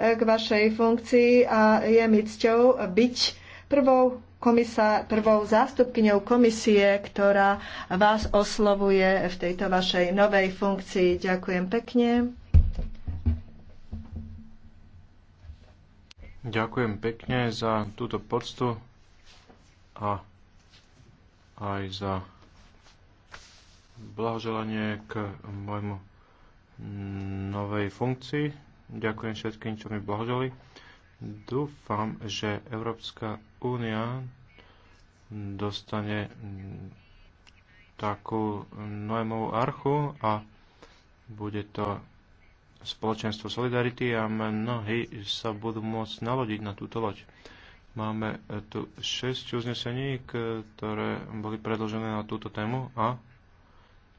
k vašej funkcii a je mi cťou byť prvou komisár, prvou zástupkyňou komisie, ktorá vás oslovuje v tejto vašej novej funkcii. Ďakujem pekne. Ďakujem pekne za túto poctu a aj za blahoželanie k môjmu novej funkcii. Ďakujem všetkým, čo mi blahoželi. Dúfam, že Európska únia dostane takú Noémovú archu a bude to spoločenstvo Solidarity a mnohí sa budú môcť nalodiť na túto loď. Máme tu 6 uznesení, ktoré boli predložené na túto tému a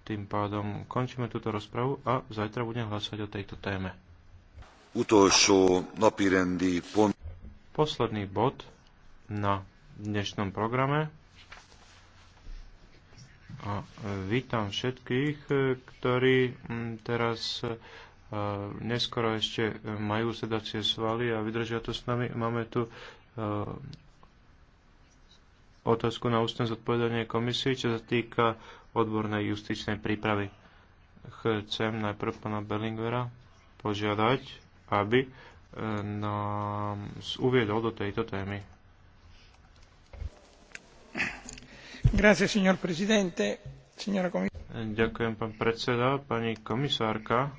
tým pádom končíme túto rozpravu a zajtra budem hlasovať o tejto téme. Posledný bod na dnešnom programe. A e, vítam všetkých, e, ktorí teraz e, neskoro ešte majú sedacie svaly a vydržia to s nami. Máme tu otázku na ústne zodpovedanie komisie, čo sa týka odbornej justičnej prípravy. Chcem najprv pána Bellingvera požiadať, aby e, nám uviedol do tejto témy. Grazie, signor presidente. Signora Ďakujem, pán predseda, pani komisárka.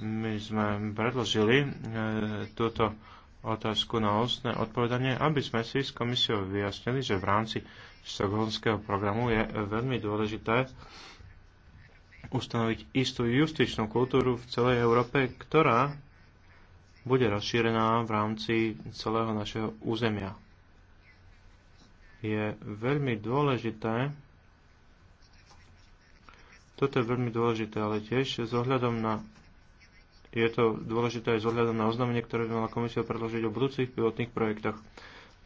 My sme predložili e, túto otázku na ostné odpovedanie, aby sme si s komisiou vyjasnili, že v rámci Stokholmského programu je veľmi dôležité e, ustanoviť istú justičnú kultúru v celej Európe, ktorá bude rozšírená v rámci celého našeho územia. Je veľmi dôležité, toto je veľmi dôležité, ale tiež s ohľadom na je to dôležité aj s ohľadom na oznámenie, ktoré by mala komisia predložiť o budúcich pilotných projektoch.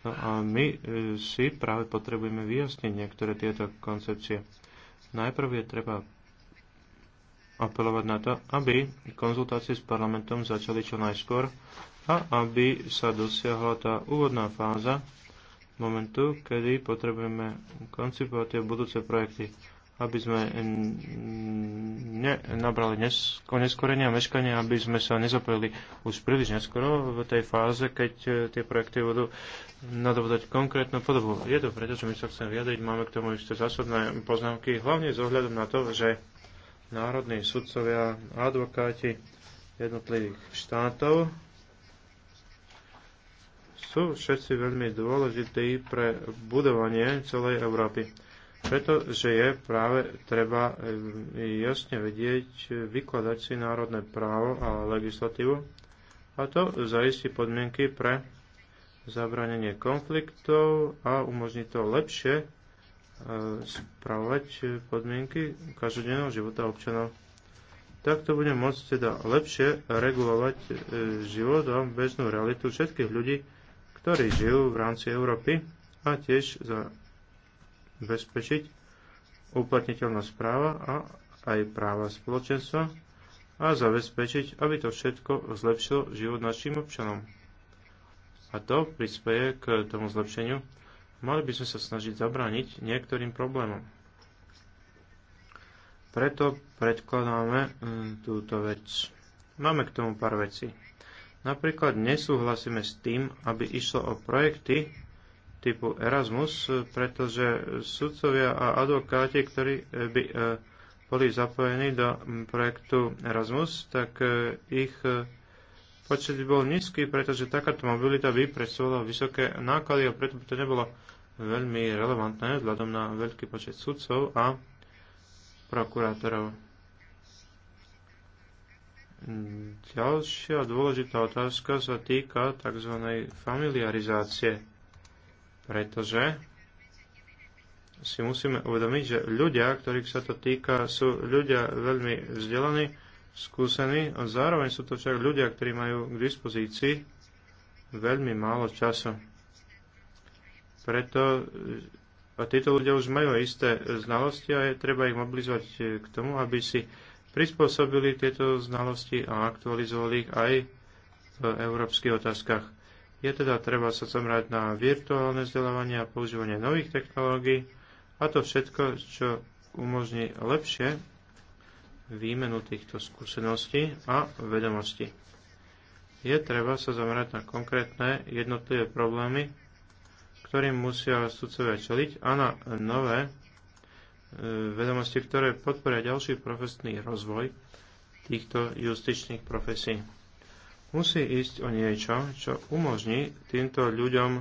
No a my e, si práve potrebujeme vyjasniť niektoré tieto koncepcie. Najprv je treba apelovať na to, aby konzultácie s parlamentom začali čo najskôr a aby sa dosiahla tá úvodná fáza momentu, kedy potrebujeme koncipovať tie budúce projekty, aby sme ne, nabrali nesko, neskorenie a meškanie, aby sme sa nezapojili už príliš neskoro v tej fáze, keď e, tie projekty budú nadovodať konkrétnu podobu. Je to preto, čo my sa chcem vyjadriť, máme k tomu ešte zásadné poznámky, hlavne s ohľadom na to, že národní sudcovia a advokáti jednotlivých štátov sú všetci veľmi dôležití pre budovanie celej Európy. Pretože je práve treba jasne vedieť, vykladať si národné právo a legislatívu a to zaistí podmienky pre zabranenie konfliktov a umožní to lepšie spravovať e, podmienky každodenného života občanov. Takto bude môcť teda lepšie regulovať e, život a bežnú realitu všetkých ľudí, ktorí žijú v rámci Európy a tiež zabezpečiť uplatniteľnosť práva a aj práva spoločenstva a zabezpečiť, aby to všetko zlepšilo život našim občanom. A to prispieje k tomu zlepšeniu Mali by sme sa snažiť zabrániť niektorým problémom. Preto predkladáme hm, túto vec. Máme k tomu pár vecí. Napríklad nesúhlasíme s tým, aby išlo o projekty typu Erasmus, pretože sudcovia a advokáti, ktorí eh, by eh, boli zapojení do hm, projektu Erasmus, tak eh, ich počet bol nízky, pretože takáto mobilita by predstavovala vysoké náklady a preto by to nebolo veľmi relevantné vzhľadom na veľký počet sudcov a prokurátorov. Ďalšia dôležitá otázka sa týka tzv. familiarizácie, pretože si musíme uvedomiť, že ľudia, ktorých sa to týka, sú ľudia veľmi vzdelaní, skúsení a zároveň sú to však ľudia, ktorí majú k dispozícii veľmi málo času preto e, a títo ľudia už majú isté znalosti a je treba ich mobilizovať e, k tomu, aby si prispôsobili tieto znalosti a aktualizovali ich aj v európskych otázkach. Je teda treba sa zamerať na virtuálne vzdelávanie a používanie nových technológií a to všetko, čo umožní lepšie výmenu týchto skúseností a vedomostí. Je treba sa zamerať na konkrétne jednotlivé problémy, ktorým musia sudcovia čeliť a na nové e, vedomosti, ktoré podporia ďalší profesný rozvoj týchto justičných profesí. Musí ísť o niečo, čo umožní týmto ľuďom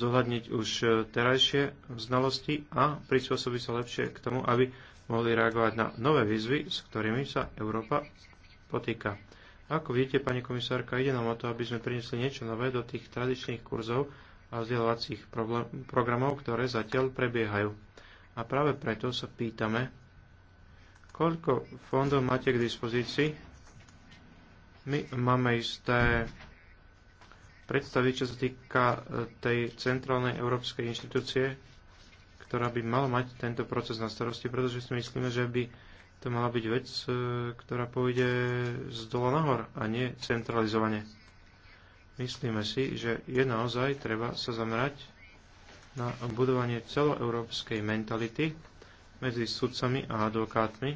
zohľadniť už terajšie znalosti a prispôsobiť sa lepšie k tomu, aby mohli reagovať na nové výzvy, s ktorými sa Európa potýka. Ako viete, pani komisárka, ide nám o to, aby sme priniesli niečo nové do tých tradičných kurzov a vzdelávacích programov, ktoré zatiaľ prebiehajú. A práve preto sa pýtame, koľko fondov máte k dispozícii? My máme isté predstavy, čo sa týka e, tej centrálnej európskej inštitúcie, ktorá by mala mať tento proces na starosti, pretože si myslíme, že by to mala byť vec, e, ktorá pôjde z dola nahor a nie centralizovane. Myslíme si, že je naozaj treba sa zamerať na budovanie celoeurópskej mentality medzi sudcami a advokátmi,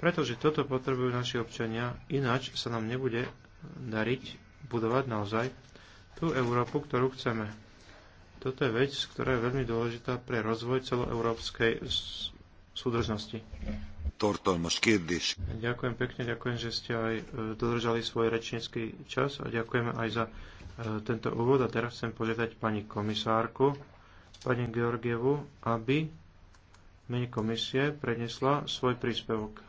pretože toto potrebujú naši občania, ináč sa nám nebude dariť budovať naozaj tú Európu, ktorú chceme. Toto je vec, ktorá je veľmi dôležitá pre rozvoj celoeurópskej súdržnosti. Ďakujem pekne, ďakujem, že ste aj e, dodržali svoj rečnícky čas a ďakujem aj za e, tento úvod. A teraz chcem požiadať pani komisárku, pani Georgievu, aby mene komisie prednesla svoj príspevok.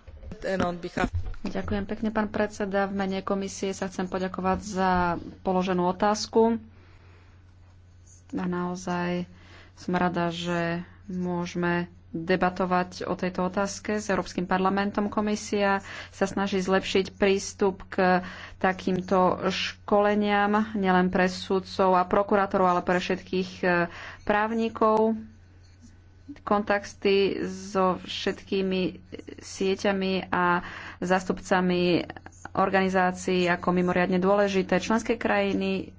Ďakujem pekne, pán predseda. V mene komisie sa chcem poďakovať za položenú otázku. A naozaj som rada, že môžeme debatovať o tejto otázke s Európskym parlamentom. Komisia sa snaží zlepšiť prístup k takýmto školeniam, nielen pre sudcov a prokurátorov, ale pre všetkých e, právnikov. Kontakty so všetkými sieťami a zástupcami organizácií ako mimoriadne dôležité. Členské krajiny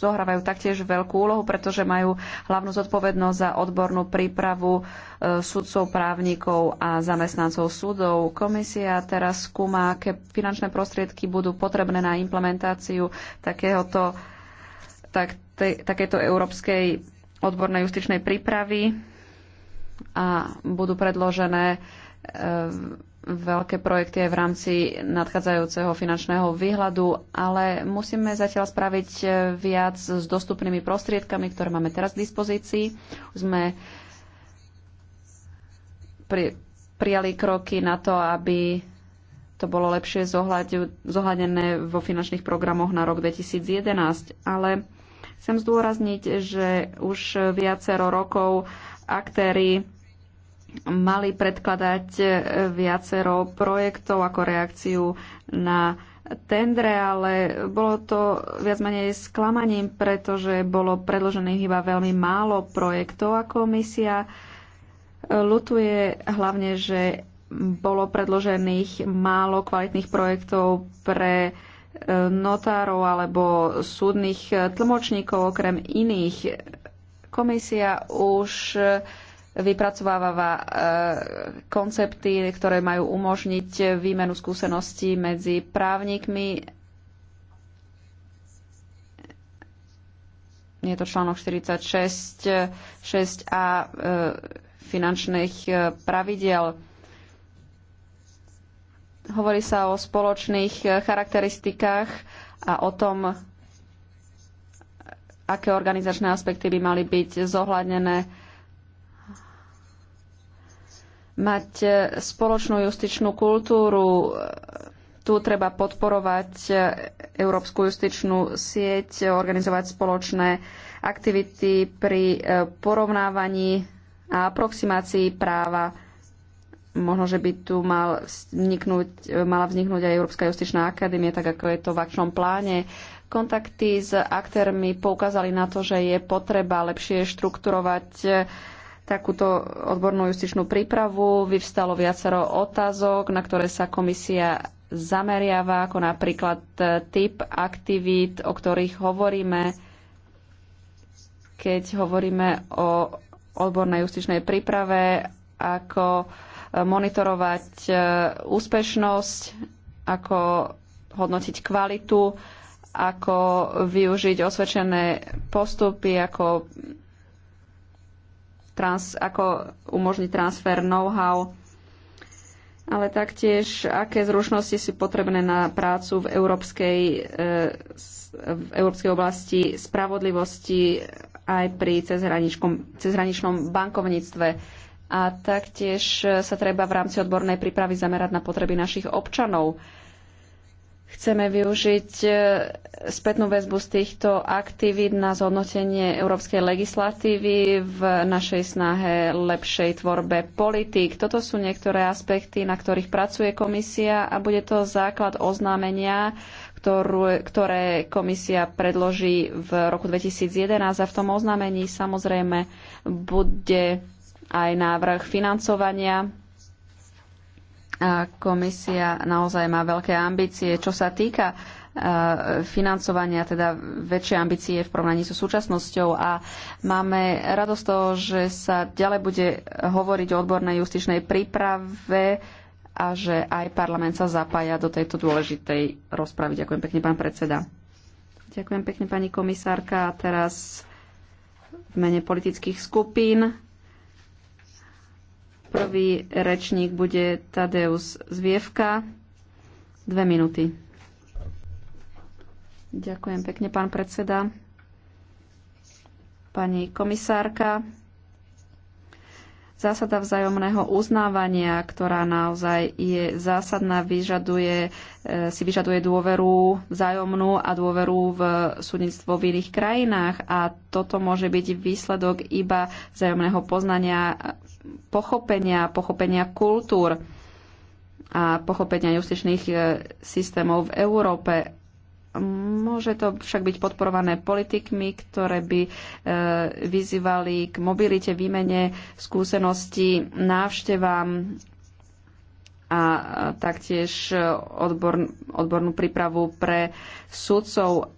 zohrávajú taktiež veľkú úlohu, pretože majú hlavnú zodpovednosť za odbornú prípravu e, sudcov, právnikov a zamestnancov súdov. Komisia teraz skúma, aké finančné prostriedky budú potrebné na implementáciu takéhoto, tak, te, takéto európskej odbornej justičnej prípravy a budú predložené e, veľké projekty aj v rámci nadchádzajúceho finančného výhľadu, ale musíme zatiaľ spraviť e, viac s dostupnými prostriedkami, ktoré máme teraz k dispozícii. sme pri, prijali kroky na to, aby to bolo lepšie zohľadené vo finančných programoch na rok 2011, ale chcem zdôrazniť, že už viacero rokov aktéry mali predkladať e, viacero projektov ako reakciu na tendre, ale bolo to viac menej sklamaním, pretože bolo predložených iba veľmi málo projektov a komisia e, lutuje hlavne, že bolo predložených málo kvalitných projektov pre e, notárov alebo súdnych tlmočníkov okrem iných. Komisia už vypracováva e, koncepty, ktoré majú umožniť výmenu skúseností medzi právnikmi. Je to článok 46, 6a e, finančných e, pravidel. Hovorí sa o spoločných charakteristikách a o tom, aké organizačné aspekty by mali byť zohľadnené mať e, spoločnú justičnú kultúru. Tu treba podporovať e, Európsku justičnú sieť, e, organizovať spoločné aktivity pri porovnávaní a aproximácii práva. Možno, že by tu mal vzniknúť, mala vzniknúť aj Európska justičná akadémia, tak ako je to v akčnom pláne. Kontakty s aktérmi poukázali na to, že je potreba lepšie štrukturovať takúto odbornú justičnú prípravu. Vyvstalo viacero otázok, na ktoré sa komisia zameriava, ako napríklad e, typ aktivít, o ktorých hovoríme, keď hovoríme o odbornej justičnej príprave, ako e, monitorovať e, úspešnosť, ako hodnotiť kvalitu, ako využiť osvedčené postupy, ako trans, ako umožniť transfer know-how, ale taktiež, aké zručnosti sú potrebné na prácu v európskej, e, v európskej oblasti spravodlivosti aj pri cezhraničnom bankovníctve a taktiež sa treba v rámci odbornej prípravy zamerať na potreby našich občanov. Chceme využiť e, spätnú väzbu z týchto aktivít na zhodnotenie európskej legislatívy v našej snahe lepšej tvorbe politík. Toto sú niektoré aspekty, na ktorých pracuje komisia a bude to základ oznámenia, ktorú, ktoré komisia predloží v roku 2011 a v tom oznámení samozrejme bude aj návrh financovania Komisia naozaj má veľké ambície. Čo sa týka e, financovania, teda väčšie ambície v porovnaní so súčasnosťou a máme radosť toho, že sa ďalej bude hovoriť o odbornej justičnej príprave a že aj parlament sa zapája do tejto dôležitej rozpravy. Ďakujem pekne, pán predseda. Ďakujem pekne, pani komisárka. A teraz v mene politických skupín Prvý rečník bude Tadeus Zvievka. Dve minúty. Ďakujem pekne, pán predseda. Pani komisárka, zásada vzájomného uznávania, ktorá naozaj je zásadná, vyžaduje, e, si vyžaduje dôveru vzájomnú a dôveru v súdnictvo v iných krajinách. A toto môže byť výsledok iba vzájomného poznania pochopenia, pochopenia kultúr a pochopenia justičných e, systémov v Európe. Môže to však byť podporované politikmi, ktoré by e, vyzývali k mobilite, výmene skúseností, návštevám a taktiež odbor, odbornú prípravu pre sudcov.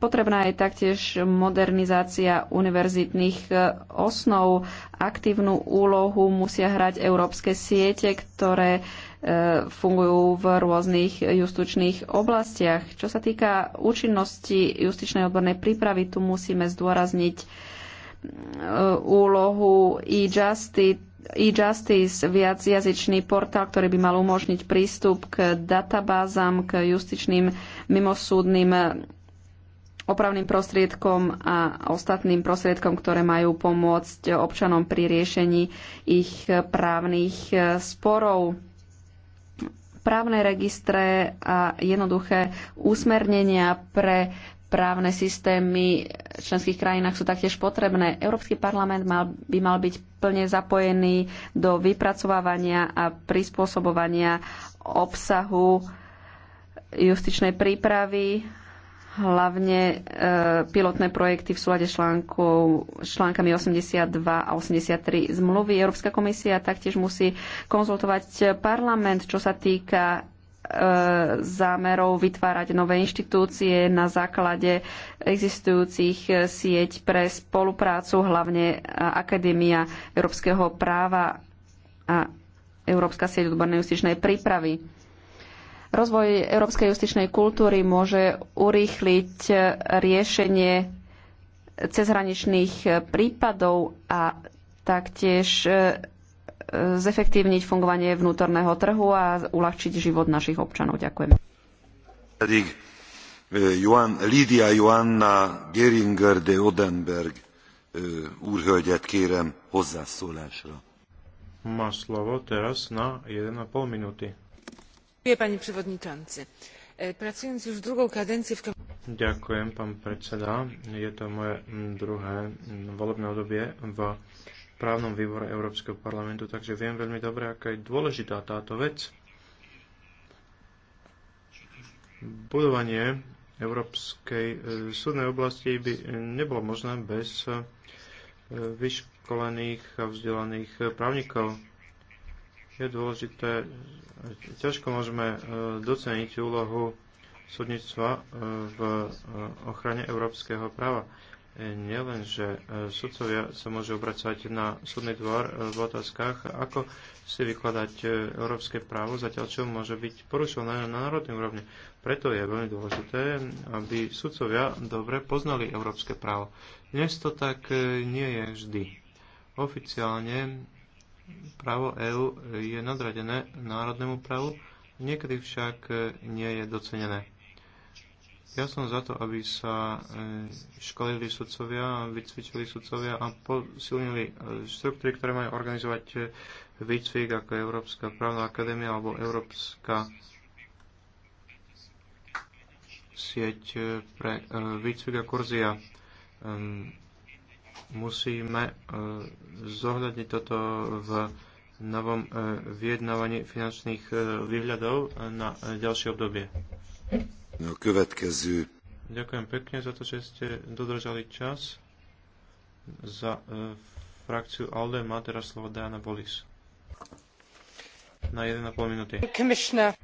Potrebná je taktiež modernizácia univerzitných e, osnov. Aktívnu úlohu musia hrať európske siete, ktoré e, fungujú v rôznych justičných oblastiach. Čo sa týka účinnosti justičnej odbornej prípravy, tu musíme zdôrazniť e, úlohu e-justice, e-justice, viacjazyčný portál, ktorý by mal umožniť prístup k databázam, k justičným mimosúdnym opravným prostriedkom a ostatným prostriedkom, ktoré majú pomôcť občanom pri riešení ich právnych eh, sporov. Právne registre a jednoduché úsmernenia pre právne systémy v členských krajinách sú taktiež potrebné. Európsky parlament mal, by mal byť plne zapojený do vypracovávania a prispôsobovania obsahu justičnej prípravy hlavne e, pilotné projekty v súlade s článkami 82 a 83 zmluvy. Európska komisia taktiež musí konzultovať parlament, čo sa týka e, zámerov vytvárať nové inštitúcie na základe existujúcich e, sieť pre spoluprácu, hlavne Akadémia európskeho práva a Európska sieť odbornej justičnej prípravy Rozvoj európskej justičnej kultúry môže urýchliť riešenie cezhraničných prípadov a taktiež e, zefektívniť fungovanie vnútorného trhu a uľahčiť život našich občanov. Ďakujem. E, Lídia Joanna Geringer de Odenberg e, úrhölgyet kérem hozzászólásra. Má slovo teraz na 1,5 minúty. Pani przewodniczący! E, pracując już drugą kadencję w Ďakujem, pán predseda. Je to moje mm, druhé mm, volebné obdobie v právnom výbore Európskeho parlamentu, takže viem veľmi dobre, aká je dôležitá táto vec. Budovanie európskej e, súdnej oblasti by e, nebolo možné bez vyškolených a vzdelaných právnikov je dôležité, ťažko môžeme e, doceniť úlohu súdnictva e, v e, ochrane európskeho práva. Nielen, že sudcovia sa môžu obracať na súdny dvor v otázkach, ako si vykladať európske právo, zatiaľ čo môže byť porušované na národnej úrovni. Preto je veľmi dôležité, aby sudcovia dobre poznali európske právo. Dnes to tak nie je vždy. Oficiálne právo EÚ je nadradené národnému právu, niekedy však nie je docenené. Ja som za to, aby sa e, školili sudcovia, vycvičili sudcovia a posilnili e, štruktúry, ktoré majú organizovať e, výcvik ako Európska právna akadémia alebo Európska sieť pre výcvik a kurzia musíme e, zohľadniť toto v novom e, vyjednávaní finančných e, výhľadov na ďalšie obdobie. No, Ďakujem pekne za to, že ste dodržali čas. Za frakciu ALDE má teraz slovo Diana Bolis na 1,5 minúty.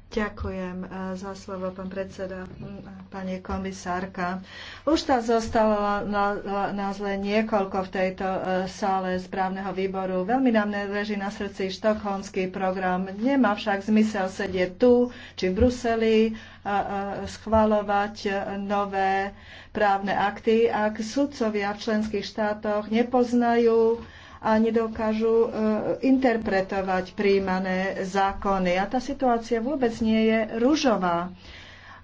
Ďakujem eh, za slovo, pán predseda, hm, pani komisárka. Už tam zostalo nás len niekoľko v tejto eh, sále správneho výboru. Veľmi nám leží na srdci štokholmský program. Nemá však zmysel sedieť tu, či v Bruseli, a eh, schvalovať nové právne akty, ak sudcovia v členských štátoch nepoznajú a nedokážu e, interpretovať príjmané zákony. A tá situácia vôbec nie je ružová.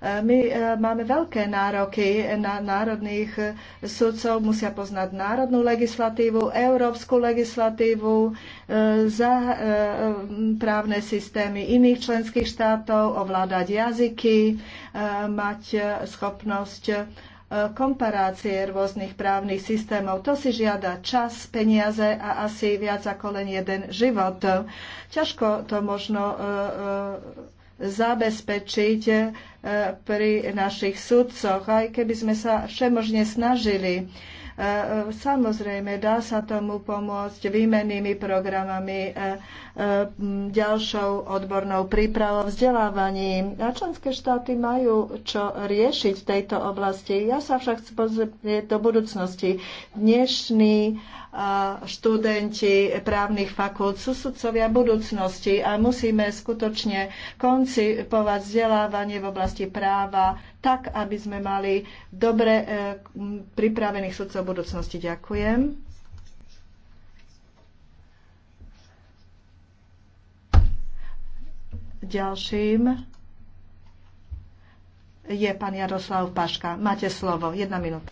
E, my e, máme veľké nároky na národných sudcov, musia poznať národnú legislatívu, európsku legislatívu, za právne systémy iných členských štátov, ovládať jazyky, mať schopnosť komparácie rôznych právnych systémov. To si žiada čas, peniaze a asi viac ako len jeden život. Ťažko to možno e, e, zabezpečiť e, pri našich sudcoch, aj keby sme sa všemožne snažili E, e, samozrejme, dá sa tomu pomôcť výmennými programami, e, ďalšou odbornou prípravou, vzdelávaním. A členské štáty majú čo riešiť v tejto oblasti. Ja sa však chcem pozrieť do budúcnosti. Dnešný študenti právnych fakult sú sudcovia budúcnosti a musíme skutočne koncipovať vzdelávanie v oblasti práva tak, aby sme mali dobre e, pripravených sudcov budúcnosti. Ďakujem. Ďalším je pán Jaroslav Paška. Máte slovo. Jedna minúta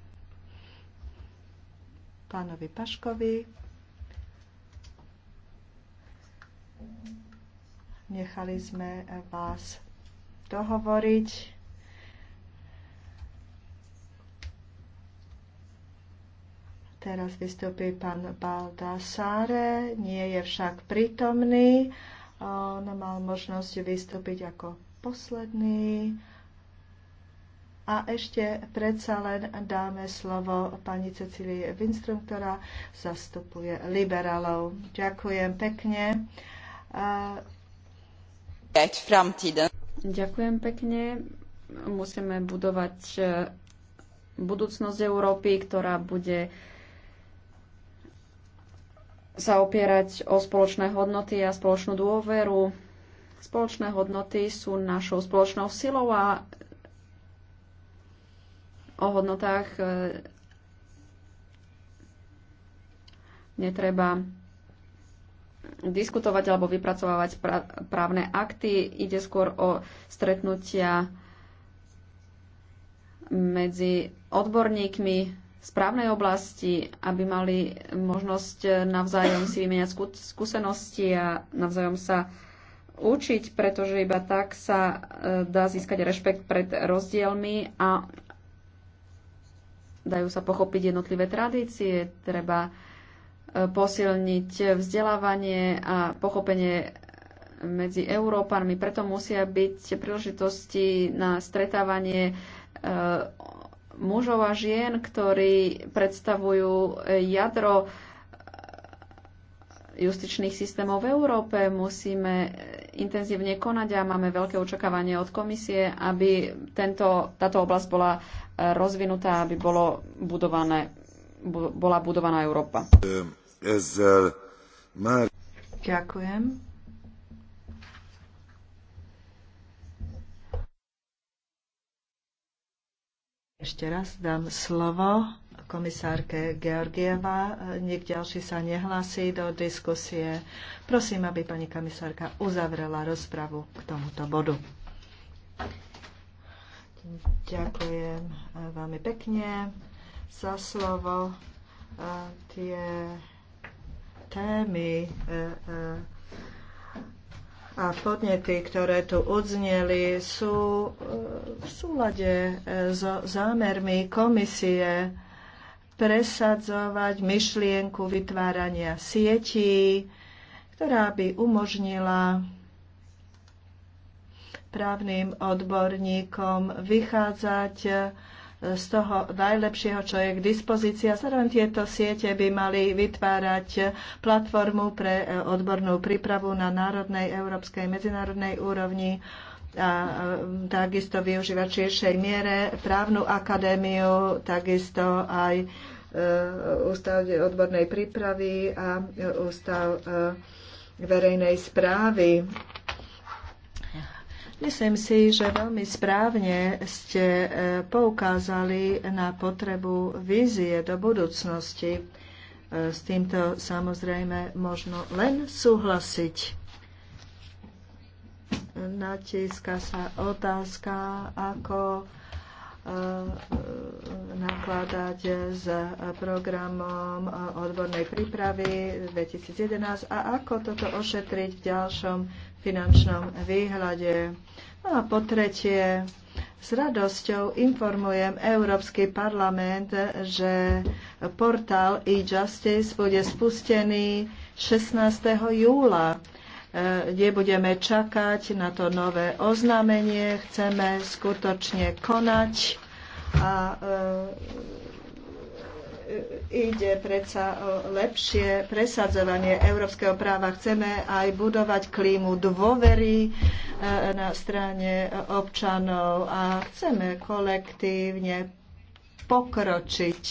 pánovi Paškovi. Nechali sme vás dohovoriť. Teraz vystúpi pán Baldassare, nie je však prítomný. On no, mal možnosť vystúpiť ako posledný. A ešte predsa len dáme slovo pani Cecílii Winström, ktorá zastupuje liberálov. Ďakujem pekne. Ďakujem pekne. Musíme budovať e, budúcnosť Európy, ktorá bude sa opierať o spoločné hodnoty a spoločnú dôveru. Spoločné hodnoty sú našou spoločnou silou a o hodnotách e, netreba diskutovať alebo vypracovávať právne akty. Ide skôr o stretnutia medzi odborníkmi z právnej oblasti, aby mali možnosť navzájom si vymeniať skúsenosti a navzájom sa učiť, pretože iba tak sa e, dá získať rešpekt pred rozdielmi a dajú sa pochopiť jednotlivé tradície, treba e, posilniť vzdelávanie a pochopenie e, medzi Európanmi. Preto musia byť príležitosti na stretávanie e, mužov a žien, ktorí predstavujú jadro justičných systémov v Európe. Musíme intenzívne konať a máme veľké očakávanie od komisie, aby tento, táto oblasť bola e, rozvinutá, aby bolo budované, bola budovaná Európa. Ďakujem. Ešte raz dám slovo komisárke Georgieva. Nik ďalší sa nehlási do diskusie. Prosím, aby pani komisárka uzavrela rozpravu k tomuto bodu. Ďakujem eh, veľmi pekne za slovo. Eh, tie témy eh, a podnety, ktoré tu odzneli, sú v súlade so zámermi komisie presadzovať myšlienku vytvárania sietí, ktorá by umožnila právnym odborníkom vychádzať eh, z toho najlepšieho, čo je k dispozícii. A zároveň tieto siete by mali vytvárať platformu pre eh, odbornú prípravu na národnej, európskej, medzinárodnej úrovni a takisto využívať v širšej miere právnu akadémiu, takisto aj e, ústav odbornej prípravy a ústav e, verejnej správy. Myslím si, že veľmi správne ste e, poukázali na potrebu vízie do budúcnosti. S týmto samozrejme možno len súhlasiť natíska sa otázka, ako e, e, nakladať s programom e, odbornej prípravy 2011 a ako toto ošetriť v ďalšom finančnom výhľade. No a po tretie, s radosťou informujem Európsky parlament, že portál e-justice bude spustený 16. júla E, nebudeme čakať na to nové oznámenie, chceme skutočne konať a e, ide predsa o lepšie presadzovanie európskeho práva. Chceme aj budovať klímu dôvery e, na strane občanov a chceme kolektívne pokročiť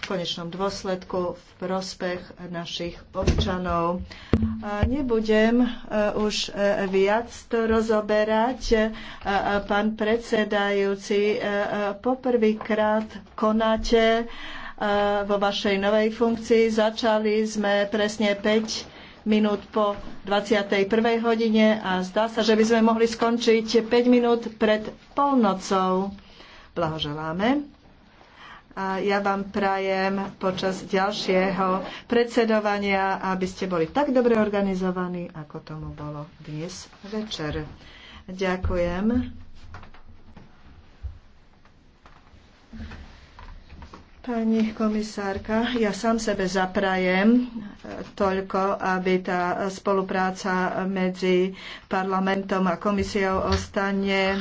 v konečnom dôsledku v prospech našich občanov. Nebudem e, už e, viac to rozoberať. E, pán predsedajúci, poprvýkrát konáte vo vašej novej funkcii. Začali sme presne 5 minút po 21. hodine a zdá sa, že by sme mohli skončiť 5 minút pred polnocou. Blahoželáme a ja vám prajem počas ďalšieho predsedovania, aby ste boli tak dobre organizovaní, ako tomu bolo dnes večer. Ďakujem. Pani komisárka, ja sám sebe zaprajem toľko, aby tá spolupráca medzi parlamentom a komisiou ostane